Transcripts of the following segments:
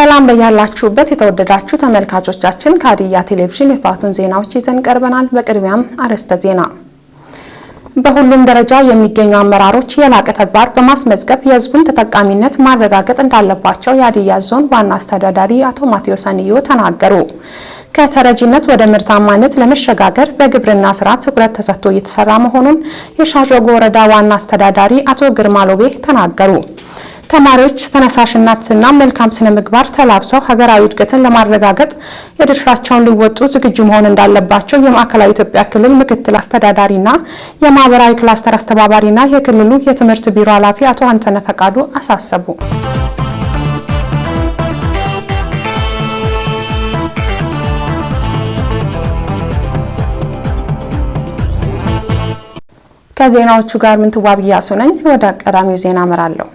ሰላም በያላችሁበት የተወደዳችሁ ተመልካቾቻችን ከሀዲያ ቴሌቪዥን የሰዓቱን ዜናዎች ይዘን ቀርበናል። በቅድሚያም አርዕስተ ዜና። በሁሉም ደረጃ የሚገኙ አመራሮች የላቀ ተግባር በማስመዝገብ የሕዝቡን ተጠቃሚነት ማረጋገጥ እንዳለባቸው የሀዲያ ዞን ዋና አስተዳዳሪ አቶ ማቴዎስ አንዮ ተናገሩ። ከተረጂነት ወደ ምርታማነት ለመሸጋገር በግብርና ስራ ትኩረት ተሰጥቶ እየተሰራ መሆኑን የሻሾጎ ወረዳ ዋና አስተዳዳሪ አቶ ግርማ ሎቤ ተናገሩ። ተማሪዎች ተነሳሽነትና መልካም ስነ ምግባር ተላብሰው ሀገራዊ እድገትን ለማረጋገጥ የድርሻቸውን ሊወጡ ዝግጁ መሆን እንዳለባቸው የማዕከላዊ ኢትዮጵያ ክልል ምክትል አስተዳዳሪና የማህበራዊ ክላስተር አስተባባሪና የክልሉ የትምህርት ቢሮ ኃላፊ አቶ አንተነ ፈቃዱ አሳሰቡ። ከዜናዎቹ ጋር ምንትዋብ እያሱ ነኝ። ወደ ቀዳሚው ዜና አመራለሁ።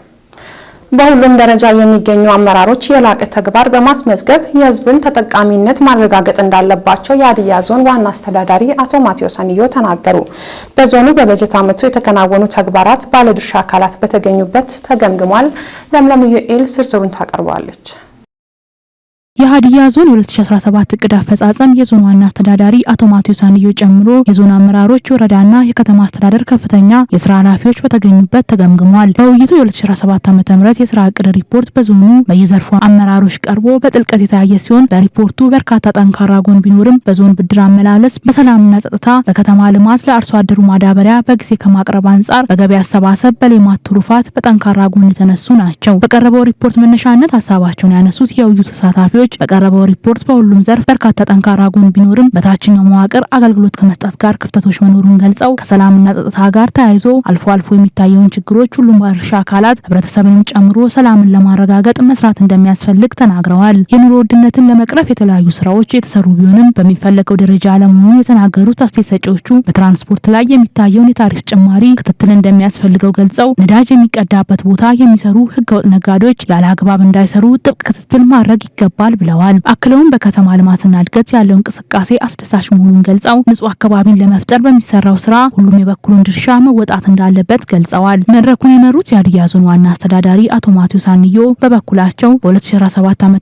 በሁሉም ደረጃ የሚገኙ አመራሮች የላቀ ተግባር በማስመዝገብ የህዝብን ተጠቃሚነት ማረጋገጥ እንዳለባቸው የሀዲያ ዞን ዋና አስተዳዳሪ አቶ ማቴዎስ አንዮ ተናገሩ። በዞኑ በበጀት ዓመቱ የተከናወኑ ተግባራት ባለድርሻ አካላት በተገኙበት ተገምግሟል። ለምለም ዩኤል ዝርዝሩን ታቀርባለች። የሀዲያ ዞን 2017 እቅድ አፈጻጸም የዞን ዋና አስተዳዳሪ አቶ ማቴዎስ አንዮ ጨምሮ የዞን አመራሮች፣ ወረዳና የከተማ አስተዳደር ከፍተኛ የስራ ኃላፊዎች በተገኙበት ተገምግሟል። በውይይቱ የ2017 ዓ ም የስራ እቅድ ሪፖርት በዞኑ በየዘርፉ አመራሮች ቀርቦ በጥልቀት የተያየ ሲሆን በሪፖርቱ በርካታ ጠንካራ ጎን ቢኖርም በዞን ብድር አመላለስ፣ በሰላምና ጸጥታ፣ በከተማ ልማት፣ ለአርሶ አደሩ ማዳበሪያ በጊዜ ከማቅረብ አንጻር፣ በገበያ አሰባሰብ፣ በሌማት ትሩፋት በጠንካራ ጎን የተነሱ ናቸው። በቀረበው ሪፖርት መነሻነት ሀሳባቸውን ያነሱት የውይይቱ ተሳታፊዎች ኃላፊዎች በቀረበው ሪፖርት በሁሉም ዘርፍ በርካታ ጠንካራ ጎን ቢኖርም በታችኛው መዋቅር አገልግሎት ከመስጠት ጋር ክፍተቶች መኖሩን ገልጸው ከሰላምና ጸጥታ ጋር ተያይዞ አልፎ አልፎ የሚታየውን ችግሮች ሁሉም ባለድርሻ አካላት ህብረተሰብንም ጨምሮ ሰላምን ለማረጋገጥ መስራት እንደሚያስፈልግ ተናግረዋል። የኑሮ ውድነትን ለመቅረፍ የተለያዩ ስራዎች የተሰሩ ቢሆንም በሚፈለገው ደረጃ አለመሆኑን የተናገሩት አስተያየት ሰጪዎቹ በትራንስፖርት ላይ የሚታየውን የታሪፍ ጭማሪ ክትትል እንደሚያስፈልገው ገልጸው ነዳጅ የሚቀዳበት ቦታ የሚሰሩ ህገወጥ ነጋዴዎች ያለ አግባብ እንዳይሰሩ ጥብቅ ክትትል ማድረግ ይገባል ብለዋል። አክለውም በከተማ ልማትና እድገት ያለው እንቅስቃሴ አስደሳች መሆኑን ገልጸው ንጹህ አካባቢን ለመፍጠር በሚሰራው ስራ ሁሉም የበኩሉን ድርሻ መወጣት እንዳለበት ገልጸዋል። መድረኩን የመሩት የሀዲያ ዞን ዋና አስተዳዳሪ አቶ ማቴዎስ አንዮ በበኩላቸው በ2017 ዓ ም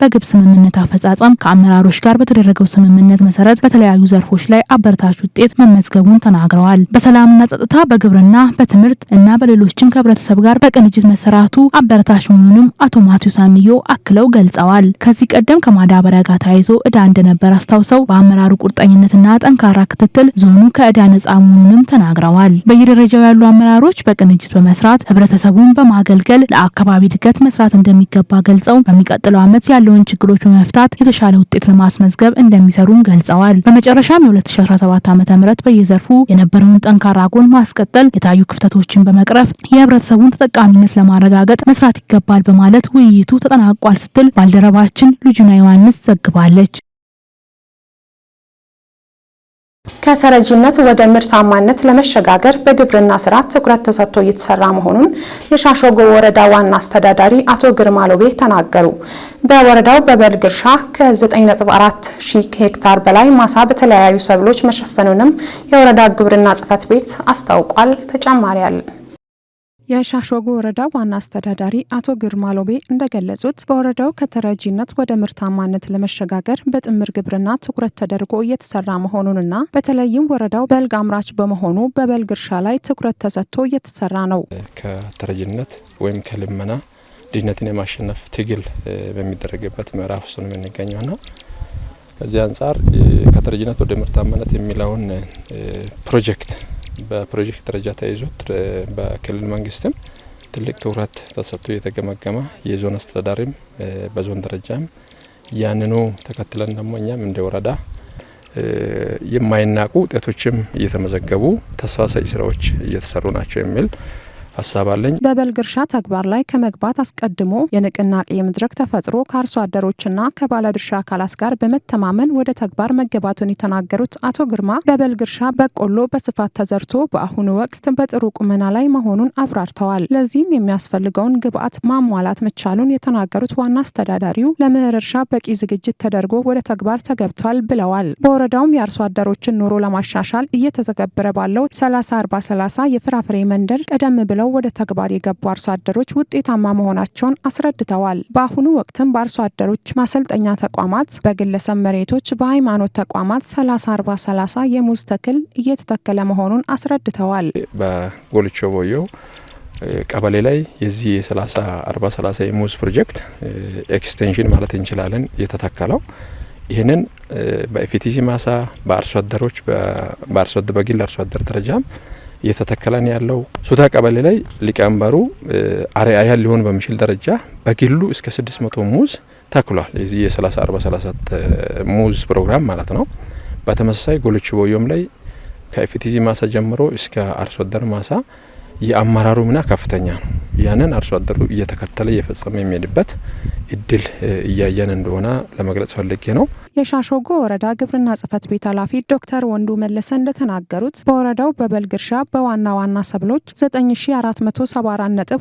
በግብ ስምምነት አፈጻጸም ከአመራሮች ጋር በተደረገው ስምምነት መሰረት በተለያዩ ዘርፎች ላይ አበረታች ውጤት መመዝገቡን ተናግረዋል። በሰላምና ጸጥታ፣ በግብርና፣ በትምህርት እና በሌሎችም ከህብረተሰብ ጋር በቅንጅት መሰራቱ አበረታች መሆኑንም አቶ ማቴዎስ አንዮ አክለው ገልጸዋል። ከዚህ ቀደም ከማዳበሪያ ጋር ተያይዞ እዳ እንደነበር አስታውሰው በአመራሩ ቁርጠኝነትና ጠንካራ ክትትል ዞኑ ከእዳ ነጻ መሆኑንም ተናግረዋል። በየደረጃው ያሉ አመራሮች በቅንጅት በመስራት ህብረተሰቡን በማገልገል ለአካባቢ እድገት መስራት እንደሚገባ ገልጸው በሚቀጥለው ዓመት ያለውን ችግሮች በመፍታት የተሻለ ውጤት ለማስመዝገብ እንደሚሰሩም ገልጸዋል። በመጨረሻም የ2017 ዓ ም በየዘርፉ የነበረውን ጠንካራ ጎን ማስቀጠል፣ የታዩ ክፍተቶችን በመቅረፍ የህብረተሰቡን ተጠቃሚነት ለማረጋገጥ መስራት ይገባል በማለት ውይይቱ ተጠናቋል ስትል ባልደረባቸው ዘጋቢያችን ልጁና ዮሐንስ ዘግባለች። ከተረጂነት ወደ ምርታማነት ለመሸጋገር በግብርና ስራ ትኩረት ተሰጥቶ እየተሰራ መሆኑን የሻሾጎ ወረዳ ዋና አስተዳዳሪ አቶ ግርማ ሎቤ ተናገሩ። በወረዳው በበልግ እርሻ ከ9.4 ሺህ ሄክታር በላይ ማሳ በተለያዩ ሰብሎች መሸፈኑንም የወረዳ ግብርና ጽሕፈት ቤት አስታውቋል። ተጨማሪ አለን። የሻሾጎ ወረዳ ዋና አስተዳዳሪ አቶ ግርማ ሎቤ እንደገለጹት በወረዳው ከተረጂነት ወደ ምርታማነት ለመሸጋገር በጥምር ግብርና ትኩረት ተደርጎ እየተሰራ መሆኑንና በተለይም ወረዳው በልግ አምራች በመሆኑ በበልግ እርሻ ላይ ትኩረት ተሰጥቶ እየተሰራ ነው። ከተረጂነት ወይም ከልመና ድህነትን የማሸነፍ ትግል በሚደረግበት ምዕራፍ ውስጥ ነው ና ከዚህ አንጻር ከተረጂነት ወደ ምርታማነት የሚለውን ፕሮጀክት በፕሮጀክት ደረጃ ተያይዞት በክልል መንግስትም ትልቅ ትኩረት ተሰጥቶ የተገመገመ የዞን አስተዳዳሪም በዞን ደረጃም ያንኑ ተከትለን ደግሞ እኛም እንደ ወረዳ የማይናቁ ውጤቶችም እየተመዘገቡ ተስፋ ሰጪ ስራዎች እየተሰሩ ናቸው የሚል ሀሳብ አለኝ። በበልግ እርሻ ተግባር ላይ ከመግባት አስቀድሞ የንቅናቄ መድረክ ተፈጥሮ ከአርሶ አደሮችና ከባለድርሻ አካላት ጋር በመተማመን ወደ ተግባር መገባቱን የተናገሩት አቶ ግርማ በበልግ እርሻ በቆሎ በስፋት ተዘርቶ በአሁኑ ወቅት በጥሩ ቁመና ላይ መሆኑን አብራርተዋል። ለዚህም የሚያስፈልገውን ግብዓት ማሟላት መቻሉን የተናገሩት ዋና አስተዳዳሪው ለመኸር እርሻ በቂ ዝግጅት ተደርጎ ወደ ተግባር ተገብቷል ብለዋል። በወረዳውም የአርሶ አደሮችን ኑሮ ለማሻሻል እየተተገበረ ባለው 30 40 30 የፍራፍሬ መንደር ቀደም ብለው ብለው ወደ ተግባር የገቡ አርሶ አደሮች ውጤታማ መሆናቸውን አስረድተዋል። በአሁኑ ወቅትም በአርሶ አደሮች ማሰልጠኛ ተቋማት፣ በግለሰብ መሬቶች፣ በሃይማኖት ተቋማት 30 40 30 የሙዝ ተክል እየተተከለ መሆኑን አስረድተዋል። በጎልቾ ቦዮ ቀበሌ ላይ የዚህ የ30 40 30 የሙዝ ፕሮጀክት ኤክስቴንሽን ማለት እንችላለን የተተከለው ይህንን በኤፍቲሲ ማሳ በአርሶ አደሮች በአርሶ በግል አርሶ አደር ደረጃም እየተተከለን ያለው ሱታ ቀበሌ ላይ ሊቀመንበሩ አርአያ ሊሆን በሚችል ደረጃ በግሉ እስከ 600 ሙዝ ተክሏል። የዚህ የ30 ሙዝ ፕሮግራም ማለት ነው። በተመሳሳይ ጎልች ቦዮም ላይ ከኤፍቲዚ ማሳ ጀምሮ እስከ አርሶ አደር ማሳ የአመራሩ ሚና ከፍተኛ ነው። ያንን አርሶ አደሩ እየተከተለ እየፈጸመ የሚሄድበት እድል እያየን እንደሆነ ለመግለጽ ፈልጌ ነው። የሻሾጎ ወረዳ ግብርና ጽህፈት ቤት ኃላፊ ዶክተር ወንዱ መለሰ እንደተናገሩት በወረዳው በበልግ እርሻ በዋና ዋና ሰብሎች 2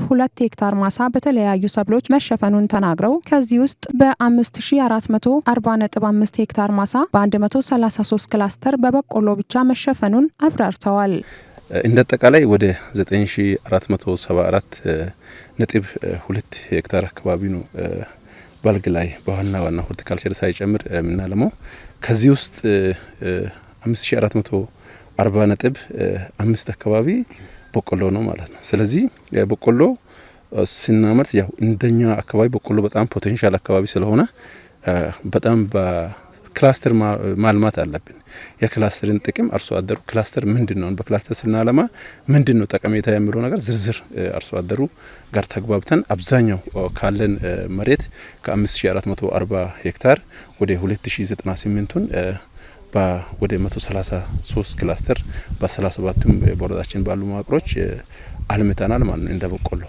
ሄክታር ማሳ በተለያዩ ሰብሎች መሸፈኑን ተናግረው ከዚህ ውስጥ በ5440.5 ሄክታር ማሳ በ133 ክላስተር በበቆሎ ብቻ መሸፈኑን አብራርተዋል። እንደ አጠቃላይ ወደ 9474 ነጥብ ሁለት ሄክታር አካባቢ ነው ባልግ ላይ በዋና ዋና ሆርቲካልቸር ሳይጨምር የምናለመው። ከዚህ ውስጥ 5440 ነጥብ አምስት አካባቢ በቆሎ ነው ማለት ነው። ስለዚህ በቆሎ ስናመርት ያው እንደኛ አካባቢ በቆሎ በጣም ፖቴንሻል አካባቢ ስለሆነ በጣም ክላስተር ማልማት አለብን። የክላስተርን ጥቅም አርሶ አደሩ ክላስተር ምንድን ነው፣ በክላስተር ስናለማ ምንድን ነው ጠቀሜታ የሚለው ነገር ዝርዝር አርሶ አደሩ ጋር ተግባብተን አብዛኛው ካለን መሬት ከ5440 ሄክታር ወደ 2098ቱን ወደ 133 ክላስተር በ37ቱም በወረዳችን ባሉ መዋቅሮች አልምተናል ማለት ነው እንደ በቆሎ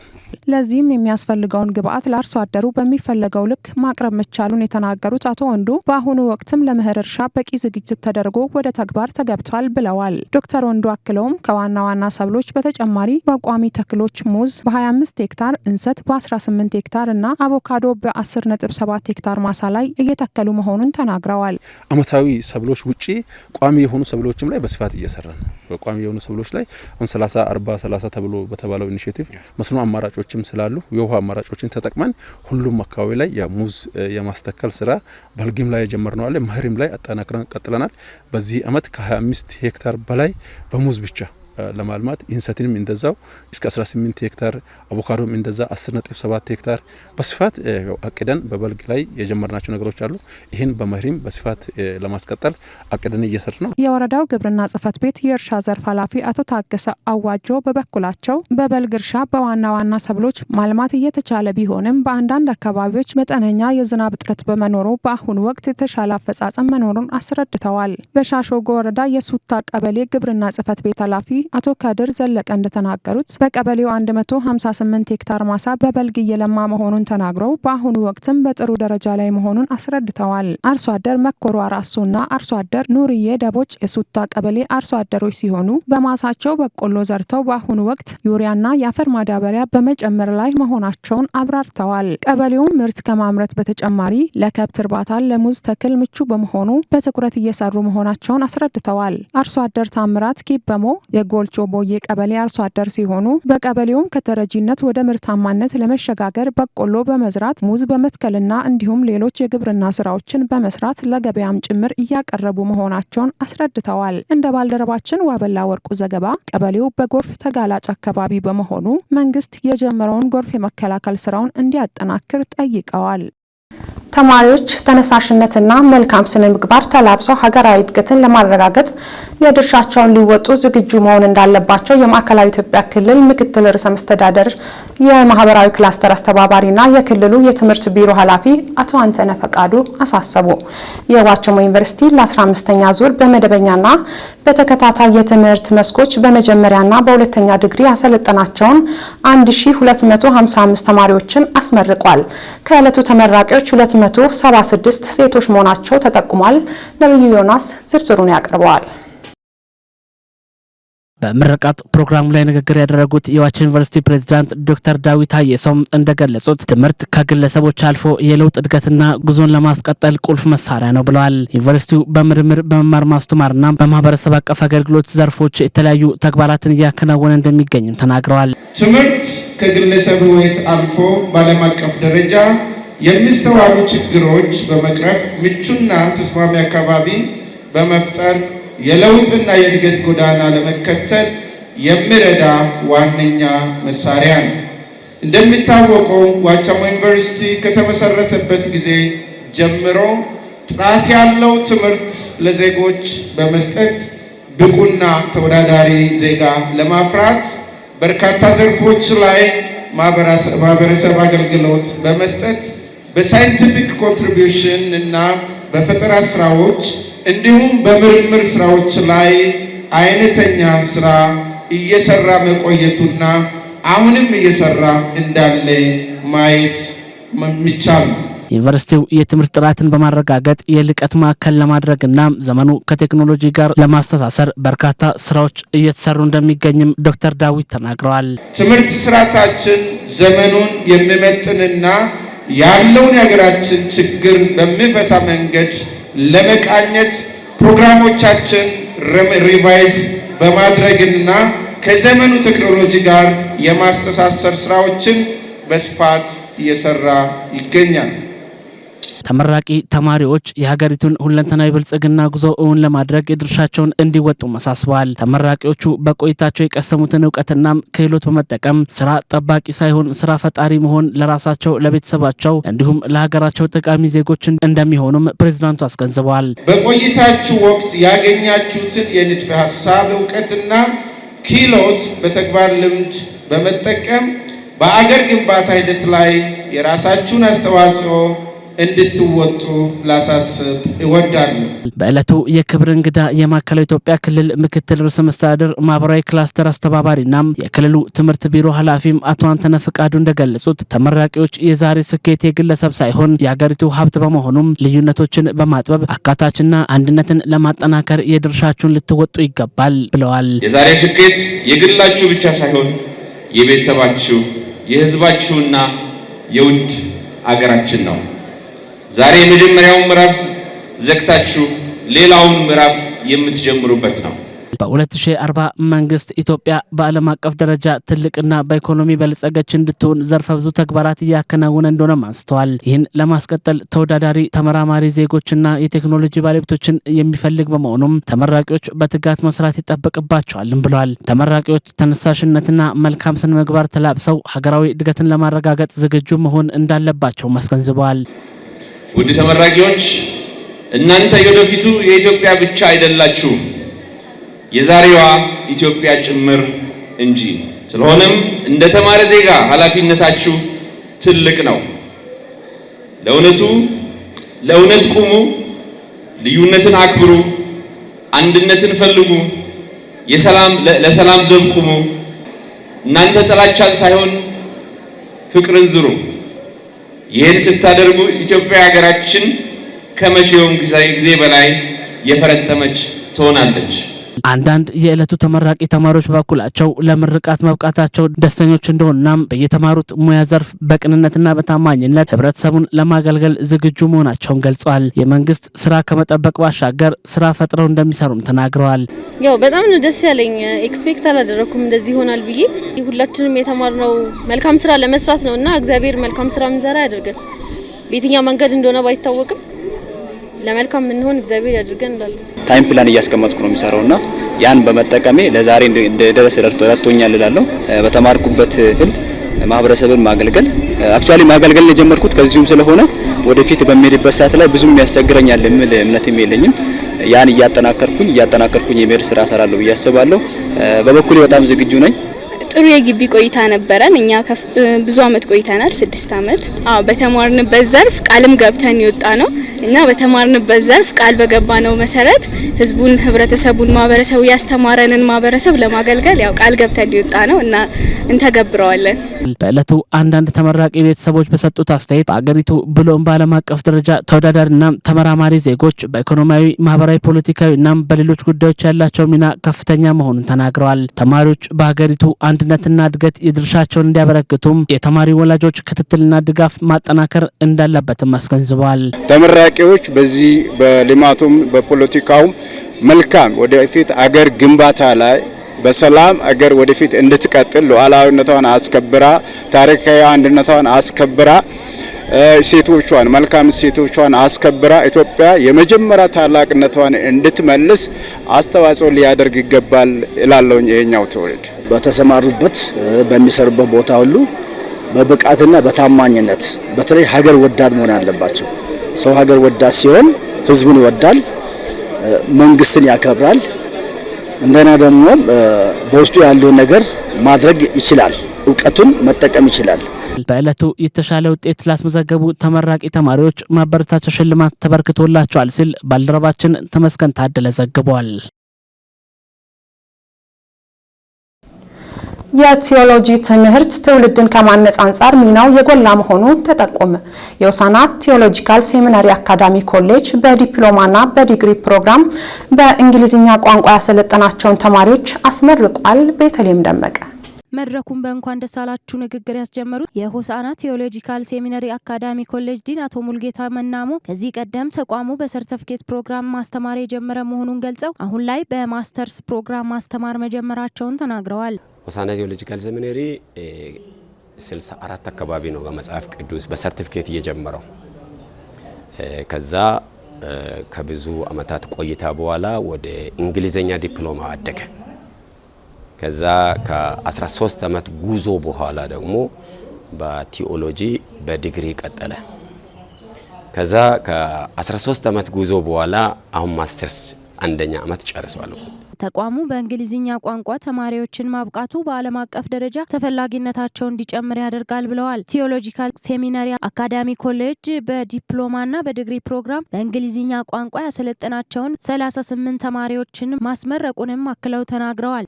ለዚህም የሚያስፈልገውን ግብዓት ለአርሶ አደሩ በሚፈለገው ልክ ማቅረብ መቻሉን የተናገሩት አቶ ወንዱ በአሁኑ ወቅትም ለመኸር እርሻ በቂ ዝግጅት ተደርጎ ወደ ተግባር ተገብቷል ብለዋል። ዶክተር ወንዱ አክለውም ከዋና ዋና ሰብሎች በተጨማሪ በቋሚ ተክሎች ሙዝ በ25 ሄክታር፣ እንሰት በ18 ሄክታር እና አቮካዶ በ10.7 ሄክታር ማሳ ላይ እየተከሉ መሆኑን ተናግረዋል። አመታዊ ሰብሎች ውጪ ቋሚ የሆኑ ሰብሎችም ላይ በስፋት እየሰራ ነው። በቋሚ የሆኑ ሰብሎች ላይ አሁን 30 40 30 ተብሎ በተባለው ኢኒሽቲቭ መስኖ አማራጮች አማራጮችም ስላሉ የውሃ አማራጮችን ተጠቅመን ሁሉም አካባቢ ላይ የሙዝ የማስተከል ስራ በልግም ላይ የጀመርነው አለ መኸርም ላይ አጠናክረን ቀጥለናል። በዚህ አመት ከ25 ሄክታር በላይ በሙዝ ብቻ ለማልማት ኢንሰቲንም እንደዛው እስከ 18 ሄክታር አቮካዶም እንደዛ 17 ሄክታር በስፋት አቅደን በበልግ ላይ የጀመርናቸው ነገሮች አሉ። ይህን በመሪም በስፋት ለማስቀጠል አቅደን እየሰራ ነው። የወረዳው ግብርና ጽህፈት ቤት የእርሻ ዘርፍ ኃላፊ አቶ ታገሰ አዋጆ በበኩላቸው በበልግ እርሻ በዋና ዋና ሰብሎች ማልማት እየተቻለ ቢሆንም በአንዳንድ አካባቢዎች መጠነኛ የዝናብ እጥረት በመኖሩ በአሁኑ ወቅት የተሻለ አፈጻጸም መኖሩን አስረድተዋል። በሻሾጎ ወረዳ የሱታ ቀበሌ ግብርና ጽህፈት ቤት ኃላፊ አቶ ከድር ዘለቀ እንደተናገሩት በቀበሌው 158 ሄክታር ማሳ በበልግ እየለማ መሆኑን ተናግረው በአሁኑ ወቅትም በጥሩ ደረጃ ላይ መሆኑን አስረድተዋል። አርሶ አደር መኮሮ አራሶና አርሶ አደር ኑርዬ ደቦች የሱታ ቀበሌ አርሶ አደሮች ሲሆኑ በማሳቸው በቆሎ ዘርተው በአሁኑ ወቅት ዩሪያና የአፈር ማዳበሪያ በመጨመር ላይ መሆናቸውን አብራርተዋል። ቀበሌውም ምርት ከማምረት በተጨማሪ ለከብት እርባታ፣ ለሙዝ ተክል ምቹ በመሆኑ በትኩረት እየሰሩ መሆናቸውን አስረድተዋል። አርሶ አደር ታምራት ኪበሞ የጉ ጎልጆ ቦዬ ቀበሌ አርሶ አደር ሲሆኑ በቀበሌውም ከተረጂነት ወደ ምርታማነት ለመሸጋገር በቆሎ በመዝራት ሙዝ በመትከልና እንዲሁም ሌሎች የግብርና ስራዎችን በመስራት ለገበያም ጭምር እያቀረቡ መሆናቸውን አስረድተዋል። እንደ ባልደረባችን ዋበላ ወርቁ ዘገባ ቀበሌው በጎርፍ ተጋላጭ አካባቢ በመሆኑ መንግስት የጀመረውን ጎርፍ የመከላከል ስራውን እንዲያጠናክር ጠይቀዋል። ተማሪዎች ተነሳሽነትና መልካም ስነ ምግባር ተላብሰው ሀገራዊ እድገትን ለማረጋገጥ የድርሻቸውን ሊወጡ ዝግጁ መሆን እንዳለባቸው የማዕከላዊ ኢትዮጵያ ክልል ምክትል ርዕሰ መስተዳደር የማህበራዊ ክላስተር አስተባባሪና የክልሉ የትምህርት ቢሮ ኃላፊ አቶ አንተነ ፈቃዱ አሳሰቡ። የዋቸሞ ዩኒቨርሲቲ ለ15ኛ ዙር በመደበኛና በተከታታይ የትምህርት መስኮች በመጀመሪያና በሁለተኛ ዲግሪ ያሰለጠናቸውን 1255 ተማሪዎችን አስመርቋል። ከዕለቱ ተመራቂዎች 176 ሴቶች መሆናቸው ተጠቁሟል። ነብዩ ዮናስ ዝርዝሩን ያቀርበዋል። በምረቃት ፕሮግራሙ ላይ ንግግር ያደረጉት የዋቸ ዩኒቨርሲቲ ፕሬዚዳንት ዶክተር ዳዊት አየሰውም እንደገለጹት ትምህርት ከግለሰቦች አልፎ የለውጥ እድገትና ጉዞን ለማስቀጠል ቁልፍ መሳሪያ ነው ብለዋል። ዩኒቨርሲቲው በምርምር በመማር ማስተማርና በማህበረሰብ አቀፍ አገልግሎት ዘርፎች የተለያዩ ተግባራትን እያከናወነ እንደሚገኝም ተናግረዋል። ትምህርት ከግለሰብ አልፎ በዓለም አቀፍ ደረጃ የሚስተዋሉ ችግሮች በመቅረፍ ምቹና ተስማሚ አካባቢ በመፍጠር የለውጥና የእድገት ጎዳና ለመከተል የሚረዳ ዋነኛ መሳሪያ ነው። እንደሚታወቀው ዋቻሞ ዩኒቨርሲቲ ከተመሰረተበት ጊዜ ጀምሮ ጥራት ያለው ትምህርት ለዜጎች በመስጠት ብቁና ተወዳዳሪ ዜጋ ለማፍራት በርካታ ዘርፎች ላይ ማህበረሰብ አገልግሎት በመስጠት በሳይንቲፊክ ኮንትሪቢዩሽን እና በፈጠራ ስራዎች እንዲሁም በምርምር ስራዎች ላይ አይነተኛ ስራ እየሰራ መቆየቱና አሁንም እየሰራ እንዳለ ማየት የሚቻል ነው። ዩኒቨርሲቲው የትምህርት ጥራትን በማረጋገጥ የልቀት ማዕከል ለማድረግና ዘመኑ ከቴክኖሎጂ ጋር ለማስተሳሰር በርካታ ስራዎች እየተሰሩ እንደሚገኝም ዶክተር ዳዊት ተናግረዋል። ትምህርት ስርዓታችን ዘመኑን የሚመጥንና ያለውን የሀገራችን ችግር በሚፈታ መንገድ ለመቃኘት ፕሮግራሞቻችን ሪቫይዝ በማድረግና ከዘመኑ ቴክኖሎጂ ጋር የማስተሳሰር ስራዎችን በስፋት እየሰራ ይገኛል። ተመራቂ ተማሪዎች የሀገሪቱን ሁለንተናዊ ብልጽግና ጉዞ እውን ለማድረግ የድርሻቸውን እንዲወጡ አሳስበዋል። ተመራቂዎቹ በቆይታቸው የቀሰሙትን እውቀትና ክህሎት በመጠቀም ስራ ጠባቂ ሳይሆን ስራ ፈጣሪ መሆን ለራሳቸው፣ ለቤተሰባቸው እንዲሁም ለሀገራቸው ጠቃሚ ዜጎች እንደሚሆኑም ፕሬዚዳንቱ አስገንዝበዋል። በቆይታችሁ ወቅት ያገኛችሁትን የንድፈ ሀሳብ እውቀትና ክህሎት በተግባር ልምድ በመጠቀም በአገር ግንባታ ሂደት ላይ የራሳችሁን አስተዋጽኦ እንድትወጡ ላሳስብ እወዳለሁ። በዕለቱ የክብር እንግዳ የማዕከላዊ ኢትዮጵያ ክልል ምክትል ርዕሰ መስተዳድር ማህበራዊ ክላስተር አስተባባሪና የክልሉ ትምህርት ቢሮ ኃላፊም አቶ አንተነ ፍቃዱ እንደገለጹት ተመራቂዎች የዛሬ ስኬት የግለሰብ ሳይሆን የአገሪቱ ሀብት በመሆኑም ልዩነቶችን በማጥበብ አካታችና አንድነትን ለማጠናከር የድርሻችሁን ልትወጡ ይገባል ብለዋል። የዛሬ ስኬት የግላችሁ ብቻ ሳይሆን የቤተሰባችሁ የህዝባችሁና የውድ አገራችን ነው። ዛሬ የመጀመሪያውን ምዕራፍ ዘግታችሁ ሌላውን ምዕራፍ የምትጀምሩበት ነው። በ2040 መንግስት ኢትዮጵያ በዓለም አቀፍ ደረጃ ትልቅና በኢኮኖሚ በልጸገች እንድትሆን ዘርፈ ብዙ ተግባራት እያከናወነ እንደሆነም አንስተዋል። ይህን ለማስቀጠል ተወዳዳሪ ተመራማሪ ዜጎችና የቴክኖሎጂ ባለቤቶችን የሚፈልግ በመሆኑም ተመራቂዎች በትጋት መስራት ይጠበቅባቸዋልም ብለዋል። ተመራቂዎች ተነሳሽነትና መልካም ስነ ምግባር ተላብሰው ሀገራዊ እድገትን ለማረጋገጥ ዝግጁ መሆን እንዳለባቸው አስገንዝበዋል። ውድ ተመራቂዎች እናንተ የወደፊቱ የኢትዮጵያ ብቻ አይደላችሁም፣ የዛሬዋ ኢትዮጵያ ጭምር እንጂ። ስለሆነም እንደ ተማረ ዜጋ ኃላፊነታችሁ ትልቅ ነው። ለእውነቱ ለእውነት ቁሙ፣ ልዩነትን አክብሩ፣ አንድነትን ፈልጉ፣ የሰላም ለሰላም ዘብ ቁሙ። እናንተ ጥላቻን ሳይሆን ፍቅርን ዝሩ። ይህን ስታደርጉ ኢትዮጵያ ሀገራችን ከመቼውም ጊዜ በላይ የፈረጠመች ትሆናለች። አንዳንድ የዕለቱ ተመራቂ ተማሪዎች በኩላቸው ለምርቃት መብቃታቸው ደስተኞች እንደሆኑናም በየተማሩት ሙያ ዘርፍ በቅንነትና በታማኝነት ህብረተሰቡን ለማገልገል ዝግጁ መሆናቸውን ገልጸዋል። የመንግስት ስራ ከመጠበቅ ባሻገር ስራ ፈጥረው እንደሚሰሩም ተናግረዋል። ያው በጣም ነው ደስ ያለኝ። ኤክስፔክት አላደረኩም እንደዚህ ይሆናል ብዬ። ሁላችንም የተማርነው መልካም ስራ ለመስራት ነው እና እግዚአብሔር መልካም ስራ ምንዘራ ያደርገን። በየትኛው መንገድ እንደሆነ ባይታወቅም ለመልካም የምንሆን እግዚአብሔር ያድርገን እንላለን። ታይም ፕላን እያስቀመጥኩ ነው የሚሰራው እና ያን በመጠቀሜ ለዛሬ እንደደረስ ረድቶኛል እላለሁ። በተማርኩበት ፊልድ ማህበረሰብን ማገልገል አክቹአሊ ማገልገል የጀመርኩት ከዚሁም ስለሆነ ወደፊት በሚሄድበት ሰዓት ላይ ብዙም ያስቸግረኛል የሚል እምነትም የለኝም። ያን እያጠናከርኩኝ እያጠናከርኩኝ የሚሄድ ስራ እሰራለሁ ብዬ አስባለሁ። በበኩሌ በጣም ዝግጁ ነኝ። ጥሩ የግቢ ቆይታ ነበረን። እኛ ብዙ አመት ቆይተናል፣ ስድስት አመት። አዎ በተማርንበት ዘርፍ ቃልም ገብተን የወጣ ነው እና በተማርንበት ዘርፍ ቃል በገባ ነው መሰረት ህዝቡን፣ ህብረተሰቡን፣ ማህበረሰቡ ያስተማረንን ማህበረሰብ ለማገልገል ያው ቃል ገብተን የወጣ ነው እና እንተገብረዋለን። በእለቱ አንዳንድ ተመራቂ ቤተሰቦች በሰጡት አስተያየት በአገሪቱ ብሎም በዓለም አቀፍ ደረጃ ተወዳዳሪና ተመራማሪ ዜጎች በኢኮኖሚያዊ ማህበራዊ፣ ፖለቲካዊ እናም በሌሎች ጉዳዮች ያላቸው ሚና ከፍተኛ መሆኑን ተናግረዋል። ተማሪዎች በሀገሪቱ አንድ አንድነትና እድገት የድርሻቸውን እንዲያበረክቱም የተማሪ ወላጆች ክትትልና ድጋፍ ማጠናከር እንዳለበትም አስገንዝበዋል። ተመራቂዎች በዚህ በልማቱም በፖለቲካውም መልካም ወደፊት አገር ግንባታ ላይ በሰላም አገር ወደፊት እንድትቀጥል ሉዓላዊነቷን አስከብራ ታሪካዊ አንድነቷን አስከብራ ሴቶቿን መልካም ሴቶቿን አስከብራ ኢትዮጵያ የመጀመሪያ ታላቅነቷን እንድትመልስ አስተዋጽኦ ሊያደርግ ይገባል እላለሁኝ። ይሄኛው ትውልድ በተሰማሩበት በሚሰሩበት ቦታ ሁሉ በብቃትና በታማኝነት በተለይ ሀገር ወዳድ መሆን አለባቸው። ሰው ሀገር ወዳድ ሲሆን ህዝቡን ይወዳል፣ መንግስትን ያከብራል። እንደና ደግሞ በውስጡ ያለውን ነገር ማድረግ ይችላል። እውቀቱን መጠቀም ይችላል። በዕለቱ የተሻለ ውጤት ላስመዘገቡ ተመራቂ ተማሪዎች ማበረታቻ ሽልማት ተበርክቶላቸዋል ሲል ባልደረባችን ተመስገን ታደለ ዘግቧል። የቲዮሎጂ ትምህርት ትውልድን ከማነጽ አንጻር ሚናው የጎላ መሆኑ ተጠቆመ። የሆሳዕና ቲዮሎጂካል ሴሚናሪ አካዳሚ ኮሌጅ በዲፕሎማና በዲግሪ ፕሮግራም በእንግሊዝኛ ቋንቋ ያሰለጠናቸውን ተማሪዎች አስመርቋል። ቤተልሔም ደመቀ መድረኩን በእንኳን ደስ አላችሁ ንግግር ያስጀመሩት የሆሳዕና ቴዎሎጂካል ሴሚነሪ አካዳሚ ኮሌጅ ዲን አቶ ሙልጌታ መናሙ ከዚህ ቀደም ተቋሙ በሰርተፍኬት ፕሮግራም ማስተማር የጀመረ መሆኑን ገልጸው አሁን ላይ በማስተርስ ፕሮግራም ማስተማር መጀመራቸውን ተናግረዋል። ሆሳና ቴዎሎጂካል ሴሚነሪ 64 አካባቢ ነው በመጽሐፍ ቅዱስ በሰርቲፊኬት እየጀመረው ከዛ ከብዙ አመታት ቆይታ በኋላ ወደ እንግሊዘኛ ዲፕሎማ አደገ። ከዛ ከ13 አመት ጉዞ በኋላ ደግሞ በቲኦሎጂ በዲግሪ ቀጠለ። ከዛ ከ13 አመት ጉዞ በኋላ አሁን ማስተርስ አንደኛ አመት ጨርሷል። ተቋሙ በእንግሊዝኛ ቋንቋ ተማሪዎችን ማብቃቱ በዓለም አቀፍ ደረጃ ተፈላጊነታቸው እንዲጨምር ያደርጋል ብለዋል። ቴዎሎጂካል ሴሚናሪ አካዳሚ ኮሌጅ በዲፕሎማና በዲግሪ ፕሮግራም በእንግሊዝኛ ቋንቋ ያሰለጠናቸውን 38 ተማሪዎችን ማስመረቁንም አክለው ተናግረዋል።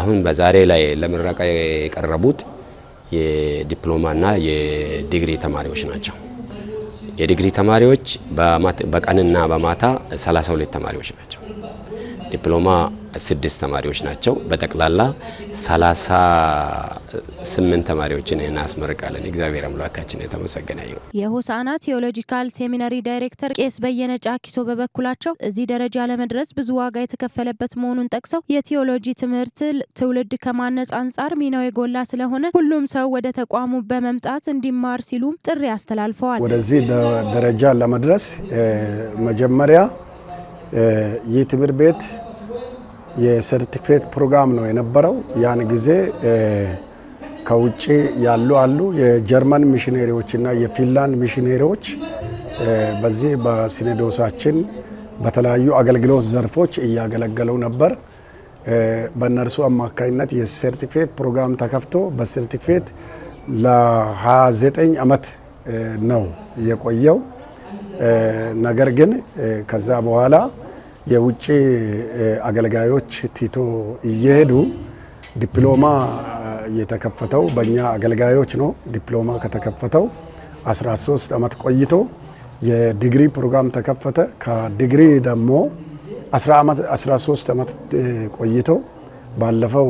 አሁን በዛሬ ላይ ለምረቃ የቀረቡት የዲፕሎማና የዲግሪ ተማሪዎች ናቸው። የዲግሪ ተማሪዎች በቀንና በማታ 32 ተማሪዎች ናቸው። ዲፕሎማ ስድስት ተማሪዎች ናቸው። በጠቅላላ 38 ተማሪዎችን ይህን አስመርቃለን። እግዚአብሔር አምላካችን የተመሰገነ ይሁን። የሆሳና ቴዎሎጂካል ሴሚናሪ ዳይሬክተር ቄስ በየነ ጫኪሶ በበኩላቸው እዚህ ደረጃ ለመድረስ ብዙ ዋጋ የተከፈለበት መሆኑን ጠቅሰው የቴዎሎጂ ትምህርት ትውልድ ከማነጽ አንጻር ሚናው የጎላ ስለሆነ ሁሉም ሰው ወደ ተቋሙ በመምጣት እንዲማር ሲሉም ጥሪ አስተላልፈዋል። ወደዚህ ደረጃ ለመድረስ መጀመሪያ ይህ ትምህርት ቤት የሰርቲፊኬት ፕሮግራም ነው የነበረው። ያን ጊዜ ከውጭ ያሉ አሉ የጀርመን ሚሽነሪዎች እና የፊንላንድ ሚሽነሪዎች በዚህ በሲኔዶሳችን በተለያዩ አገልግሎት ዘርፎች እያገለገሉ ነበር። በእነርሱ አማካኝነት የሰርቲፊኬት ፕሮግራም ተከፍቶ በሰርቲፊኬት ለ29 ዓመት ነው የቆየው። ነገር ግን ከዛ በኋላ የውጭ አገልጋዮች ቲቶ እየሄዱ ዲፕሎማ የተከፈተው በእኛ አገልጋዮች ነው። ዲፕሎማ ከተከፈተው 13 ዓመት ቆይቶ የዲግሪ ፕሮግራም ተከፈተ። ከዲግሪ ደግሞ 13 ዓመት ቆይቶ ባለፈው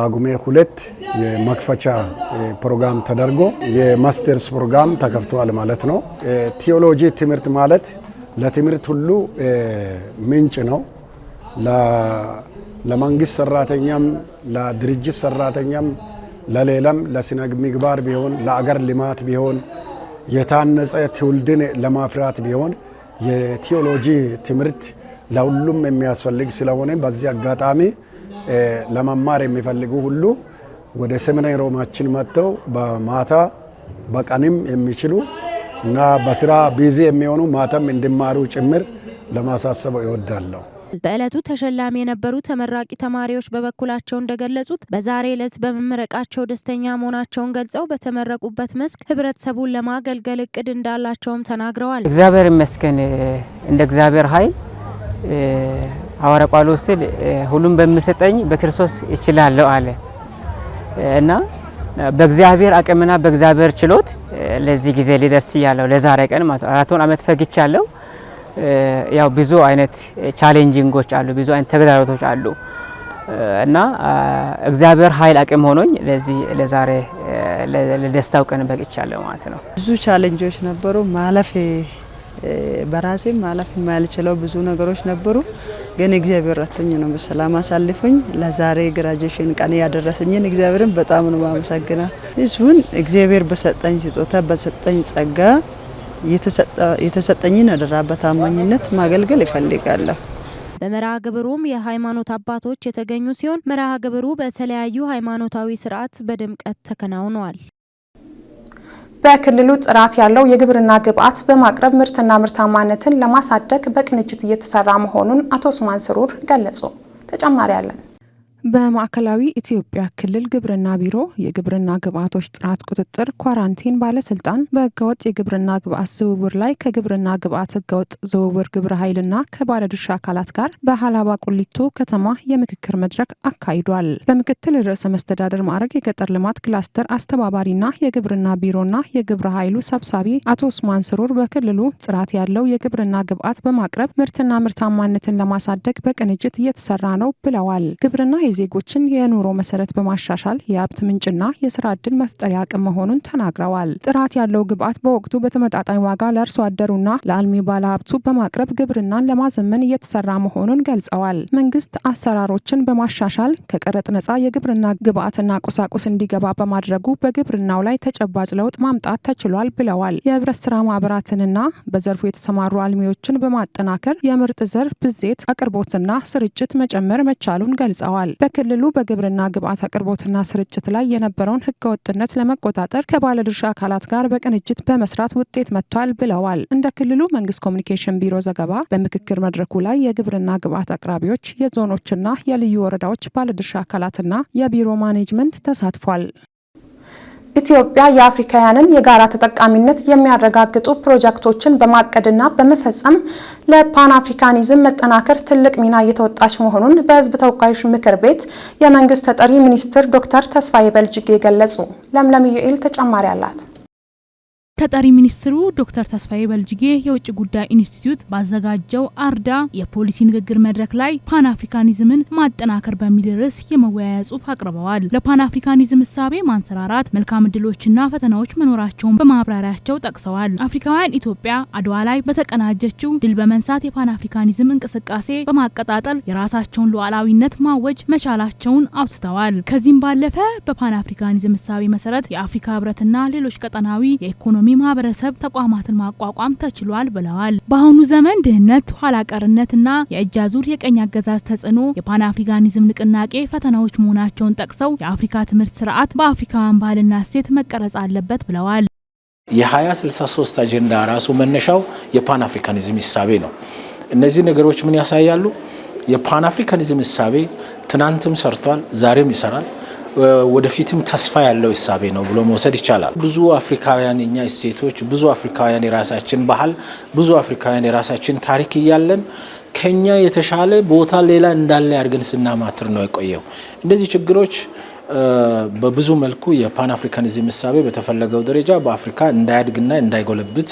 ጳጉሜ ሁለት የመክፈቻ ፕሮግራም ተደርጎ የማስተርስ ፕሮግራም ተከፍቷል ማለት ነው። ቴዎሎጂ ትምህርት ማለት ለትምህርት ሁሉ ምንጭ ነው። ለመንግስት ሰራተኛም፣ ለድርጅት ሰራተኛም፣ ለሌላም ለስነ ምግባር ቢሆን ለአገር ልማት ቢሆን የታነጸ ትውልድን ለማፍራት ቢሆን የቴዎሎጂ ትምህርት ለሁሉም የሚያስፈልግ ስለሆነ በዚህ አጋጣሚ ለመማር የሚፈልጉ ሁሉ ወደ ሰሜናዊ ሮማችን መጥተው በማታ በቀንም የሚችሉ እና በስራ ቢዚ የሚሆኑ ማታም እንዲማሩ ጭምር ለማሳሰብ ይወዳለሁ። በዕለቱ ተሸላሚ የነበሩ ተመራቂ ተማሪዎች በበኩላቸው እንደገለጹት በዛሬ ዕለት በመመረቃቸው ደስተኛ መሆናቸውን ገልጸው በተመረቁበት መስክ ህብረተሰቡን ለማገልገል እቅድ እንዳላቸውም ተናግረዋል። እግዚአብሔር ይመስገን እንደ እግዚአብሔር ኃይል ሐዋርያ ጳውሎስ ስል ሁሉም በሚሰጠኝ በክርስቶስ እችላለሁ አለ እና በእግዚአብሔር አቅምና በእግዚአብሔር ችሎት ለዚህ ጊዜ ሊደርስ ያለው ለዛሬ ቀን ማለት አራቱን ዓመት ፈግቻለሁ። ያው ብዙ አይነት ቻሌንጂንጎች አሉ፣ ብዙ አይነት ተግዳሮቶች አሉ እና እግዚአብሔር ኃይል አቅም ሆኖኝ ለዚህ ለዛሬ ለደስታው ቀን በቅቻለሁ ማለት ነው። ብዙ ቻሌንጆች ነበሩ ማለፍ በራሴም ማለፍ የማልችለው ብዙ ነገሮች ነበሩ። ግን እግዚአብሔር ረቶኝ ነው በሰላም አሳልፎኝ ለዛሬ ግራጁዌሽን ቀን ያደረሰኝን እግዚአብሔርን በጣም ነው ማመሰግና። ህዝቡን እግዚአብሔር በሰጠኝ ስጦታ በሰጠኝ ጸጋ የተሰጠኝን አደራ በታማኝነት ማገልገል ይፈልጋለሁ። በመርሃ ግብሩም የሃይማኖት አባቶች የተገኙ ሲሆን መርሃ ግብሩ በተለያዩ ሃይማኖታዊ ስርዓት በድምቀት ተከናውኗል። በክልሉ ጥራት ያለው የግብርና ግብዓት በማቅረብ ምርትና ምርታማነትን ለማሳደግ በቅንጅት እየተሰራ መሆኑን አቶ ኡስማን ስሩር ገለጹ። ተጨማሪ አለን። በማዕከላዊ ኢትዮጵያ ክልል ግብርና ቢሮ የግብርና ግብአቶች ጥራት ቁጥጥር ኳራንቲን ባለስልጣን በህገወጥ የግብርና ግብአት ዝውውር ላይ ከግብርና ግብአት ህገወጥ ዝውውር ግብረ ኃይልና ከባለድርሻ አካላት ጋር በሀላባ ቁሊቶ ከተማ የምክክር መድረክ አካሂዷል። በምክትል ርዕሰ መስተዳደር ማዕረግ የገጠር ልማት ክላስተር አስተባባሪና የግብርና ቢሮና የግብረ ኃይሉ ሰብሳቢ አቶ ኡስማን ስሩር በክልሉ ጥራት ያለው የግብርና ግብአት በማቅረብ ምርትና ምርታማነትን ለማሳደግ በቅንጅት እየተሰራ ነው ብለዋል። ግብርና የዜጎችን የኑሮ መሰረት በማሻሻል የሀብት ምንጭና የስራ ዕድል መፍጠሪያ አቅም መሆኑን ተናግረዋል። ጥራት ያለው ግብዓት በወቅቱ በተመጣጣኝ ዋጋ ለአርሶ አደሩና ለአልሚ ባለሀብቱ በማቅረብ ግብርናን ለማዘመን እየተሰራ መሆኑን ገልጸዋል። መንግስት አሰራሮችን በማሻሻል ከቀረጥ ነጻ የግብርና ግብዓትና ቁሳቁስ እንዲገባ በማድረጉ በግብርናው ላይ ተጨባጭ ለውጥ ማምጣት ተችሏል ብለዋል። የህብረት ስራ ማህበራትንና በዘርፉ የተሰማሩ አልሚዎችን በማጠናከር የምርጥ ዘር ብዜት አቅርቦትና ስርጭት መጨመር መቻሉን ገልጸዋል። በክልሉ በግብርና ግብዓት አቅርቦትና ስርጭት ላይ የነበረውን ህገወጥነት ለመቆጣጠር ከባለድርሻ አካላት ጋር በቅንጅት በመስራት ውጤት መጥቷል ብለዋል። እንደ ክልሉ መንግስት ኮሚኒኬሽን ቢሮ ዘገባ በምክክር መድረኩ ላይ የግብርና ግብዓት አቅራቢዎች፣ የዞኖችና የልዩ ወረዳዎች ባለድርሻ አካላትና የቢሮ ማኔጅመንት ተሳትፏል። ኢትዮጵያ የአፍሪካውያንን የጋራ ተጠቃሚነት የሚያረጋግጡ ፕሮጀክቶችን በማቀድና በመፈጸም ለፓን አፍሪካኒዝም መጠናከር ትልቅ ሚና እየተወጣች መሆኑን በሕዝብ ተወካዮች ምክር ቤት የመንግስት ተጠሪ ሚኒስትር ዶክተር ተስፋዬ በልጅጌ ገለጹ። ለምለም ዩኤል ተጨማሪ አላት። ተጠሪ ሚኒስትሩ ዶክተር ተስፋዬ በልጅጌ የውጭ ጉዳይ ኢንስቲትዩት ባዘጋጀው አርዳ የፖሊሲ ንግግር መድረክ ላይ ፓን አፍሪካኒዝምን ማጠናከር በሚል ርዕስ የመወያያ ጽሁፍ አቅርበዋል። ለፓን አፍሪካኒዝም እሳቤ ማንሰራራት መልካም እድሎችና ፈተናዎች መኖራቸውን በማብራሪያቸው ጠቅሰዋል። አፍሪካውያን ኢትዮጵያ አድዋ ላይ በተቀናጀችው ድል በመንሳት የፓን አፍሪካኒዝም እንቅስቃሴ በማቀጣጠል የራሳቸውን ሉዓላዊነት ማወጅ መቻላቸውን አውስተዋል። ከዚህም ባለፈ በፓን አፍሪካኒዝም እሳቤ መሰረት የአፍሪካ ህብረትና ሌሎች ቀጠናዊ የኢኮኖሚ የማህበረሰብ ተቋማትን ማቋቋም ተችሏል ብለዋል። በአሁኑ ዘመን ድህነት፣ ኋላ ቀርነትና የእጅ አዙር የቀኝ አገዛዝ ተጽዕኖ የፓን አፍሪካኒዝም ንቅናቄ ፈተናዎች መሆናቸውን ጠቅሰው የአፍሪካ ትምህርት ስርዓት በአፍሪካውያን ባህልና እሴት መቀረጽ አለበት ብለዋል። የ2063 አጀንዳ ራሱ መነሻው የፓን አፍሪካኒዝም እሳቤ ነው። እነዚህ ነገሮች ምን ያሳያሉ? የፓን አፍሪካኒዝም እሳቤ ትናንትም ሰርቷል፣ ዛሬም ይሰራል። ወደፊትም ተስፋ ያለው እሳቤ ነው ብሎ መውሰድ ይቻላል። ብዙ አፍሪካውያን የኛ እሴቶች፣ ብዙ አፍሪካውያን የራሳችን ባህል፣ ብዙ አፍሪካውያን የራሳችን ታሪክ እያለን ከኛ የተሻለ ቦታ ሌላ እንዳለ አድርገን ስናማትር ነው የቆየው። እንደዚህ ችግሮች በብዙ መልኩ የፓን አፍሪካኒዝም እሳቤ በተፈለገው ደረጃ በአፍሪካ እንዳያድግና እንዳይጎለብት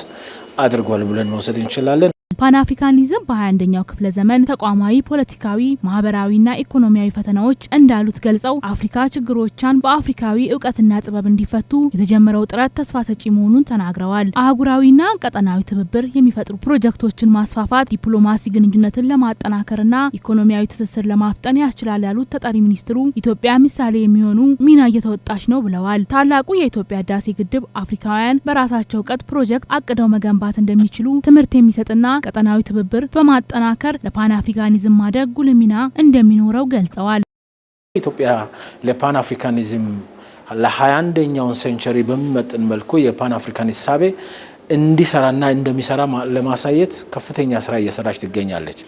አድርጓል ብለን መውሰድ እንችላለን። ፓን አፍሪካኒዝም በ21ኛው ክፍለ ዘመን ተቋማዊ፣ ፖለቲካዊ፣ ማህበራዊና ኢኮኖሚያዊ ፈተናዎች እንዳሉት ገልጸው አፍሪካ ችግሮቿን በአፍሪካዊ እውቀትና ጥበብ እንዲፈቱ የተጀመረው ጥረት ተስፋ ሰጪ መሆኑን ተናግረዋል። አህጉራዊና ቀጠናዊ ትብብር የሚፈጥሩ ፕሮጀክቶችን ማስፋፋት ዲፕሎማሲ ግንኙነትን ለማጠናከርና ኢኮኖሚያዊ ትስስር ለማፍጠን ያስችላል ያሉት ተጠሪ ሚኒስትሩ ኢትዮጵያ ምሳሌ የሚሆኑ ሚና እየተወጣች ነው ብለዋል። ታላቁ የኢትዮጵያ ህዳሴ ግድብ አፍሪካውያን በራሳቸው እውቀት ፕሮጀክት አቅደው መገንባት እንደሚችሉ ትምህርት የሚሰጥና ቀጠናዊ ትብብር በማጠናከር ለፓን አፍሪካኒዝም ማደግ ጉልህ ሚና እንደሚኖረው ገልጸዋል። ኢትዮጵያ ለፓን አፍሪካኒዝም ለሀያ አንደኛውን ሴንቸሪ በሚመጥን መልኩ የፓን አፍሪካን ሳቤ እንዲሰራና እንደሚሰራ ለማሳየት ከፍተኛ ስራ እየሰራች ትገኛለች።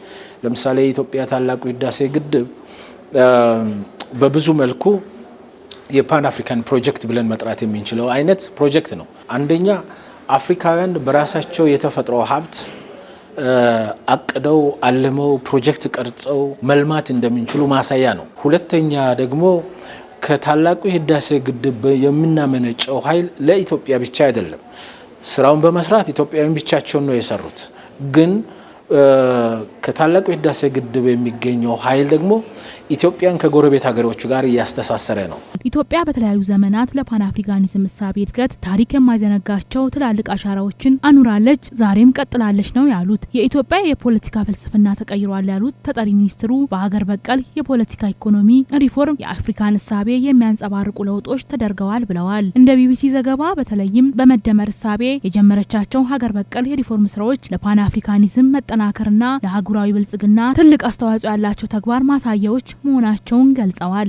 ለምሳሌ የኢትዮጵያ ታላቁ ህዳሴ ግድብ በብዙ መልኩ የፓን አፍሪካን ፕሮጀክት ብለን መጥራት የምንችለው አይነት ፕሮጀክት ነው። አንደኛ አፍሪካውያን በራሳቸው የተፈጥሮ ሀብት አቅደው አልመው ፕሮጀክት ቀርጸው መልማት እንደምንችሉ ማሳያ ነው። ሁለተኛ ደግሞ ከታላቁ የህዳሴ ግድብ የምናመነጨው ኃይል ለኢትዮጵያ ብቻ አይደለም። ስራውን በመስራት ኢትዮጵያውያን ብቻቸውን ነው የሰሩት። ግን ከታላቁ የህዳሴ ግድብ የሚገኘው ኃይል ደግሞ ኢትዮጵያን ከጎረቤት ሀገሮች ጋር እያስተሳሰረ ነው። ኢትዮጵያ በተለያዩ ዘመናት ለፓን አፍሪካኒዝም እሳቤ እድገት ታሪክ የማይዘነጋቸው ትላልቅ አሻራዎችን አኑራለች፣ ዛሬም ቀጥላለች ነው ያሉት። የኢትዮጵያ የፖለቲካ ፍልስፍና ተቀይሯል ያሉት ተጠሪ ሚኒስትሩ በሀገር በቀል የፖለቲካ ኢኮኖሚ ሪፎርም የአፍሪካን እሳቤ የሚያንጸባርቁ ለውጦች ተደርገዋል ብለዋል። እንደ ቢቢሲ ዘገባ በተለይም በመደመር እሳቤ የጀመረቻቸው ሀገር በቀል የሪፎርም ስራዎች ለፓን አፍሪካኒዝም መጠናከርና ለአህጉራዊ ብልጽግና ትልቅ አስተዋጽኦ ያላቸው ተግባር ማሳያዎች መሆናቸውን ገልጸዋል።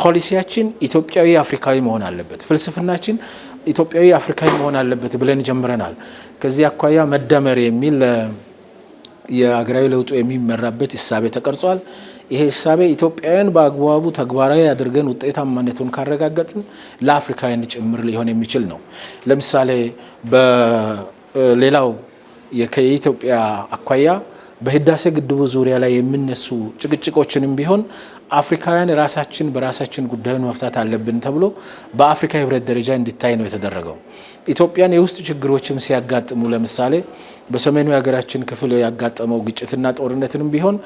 ፖሊሲያችን ኢትዮጵያዊ አፍሪካዊ መሆን አለበት፣ ፍልስፍናችን ኢትዮጵያዊ አፍሪካዊ መሆን አለበት ብለን ጀምረናል። ከዚህ አኳያ መደመር የሚል የአገራዊ ለውጡ የሚመራበት እሳቤ ተቀርጿል። ይሄ እሳቤ ኢትዮጵያውያን በአግባቡ ተግባራዊ አድርገን ውጤታማነቱን ካረጋገጥን ለአፍሪካውያን ጭምር ሊሆን የሚችል ነው። ለምሳሌ በሌላው የኢትዮጵያ አኳያ በህዳሴ ግድቡ ዙሪያ ላይ የሚነሱ ጭቅጭቆችንም ቢሆን አፍሪካውያን ራሳችን በራሳችን ጉዳዩን መፍታት አለብን ተብሎ በአፍሪካ ህብረት ደረጃ እንዲታይ ነው የተደረገው። ኢትዮጵያን የውስጥ ችግሮችም ሲያጋጥሙ ለምሳሌ በሰሜኑ የሀገራችን ክፍል ያጋጠመው ግጭትና ጦርነትንም ቢሆን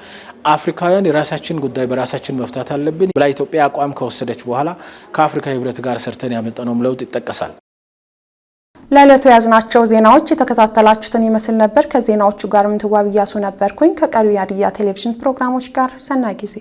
አፍሪካውያን የራሳችን ጉዳይ በራሳችን መፍታት አለብን ብላ ኢትዮጵያ አቋም ከወሰደች በኋላ ከአፍሪካ ህብረት ጋር ሰርተን ያመጣነውም ለውጥ ይጠቀሳል። ለዕለቱ የያዝናቸው ዜናዎች የተከታተላችሁትን ይመስል ነበር። ከዜናዎቹ ጋር ምንትዋብ እያሱ ነበርኩኝ። ከቀሪው የሀዲያ ቴሌቪዥን ፕሮግራሞች ጋር ሰናይ ጊዜ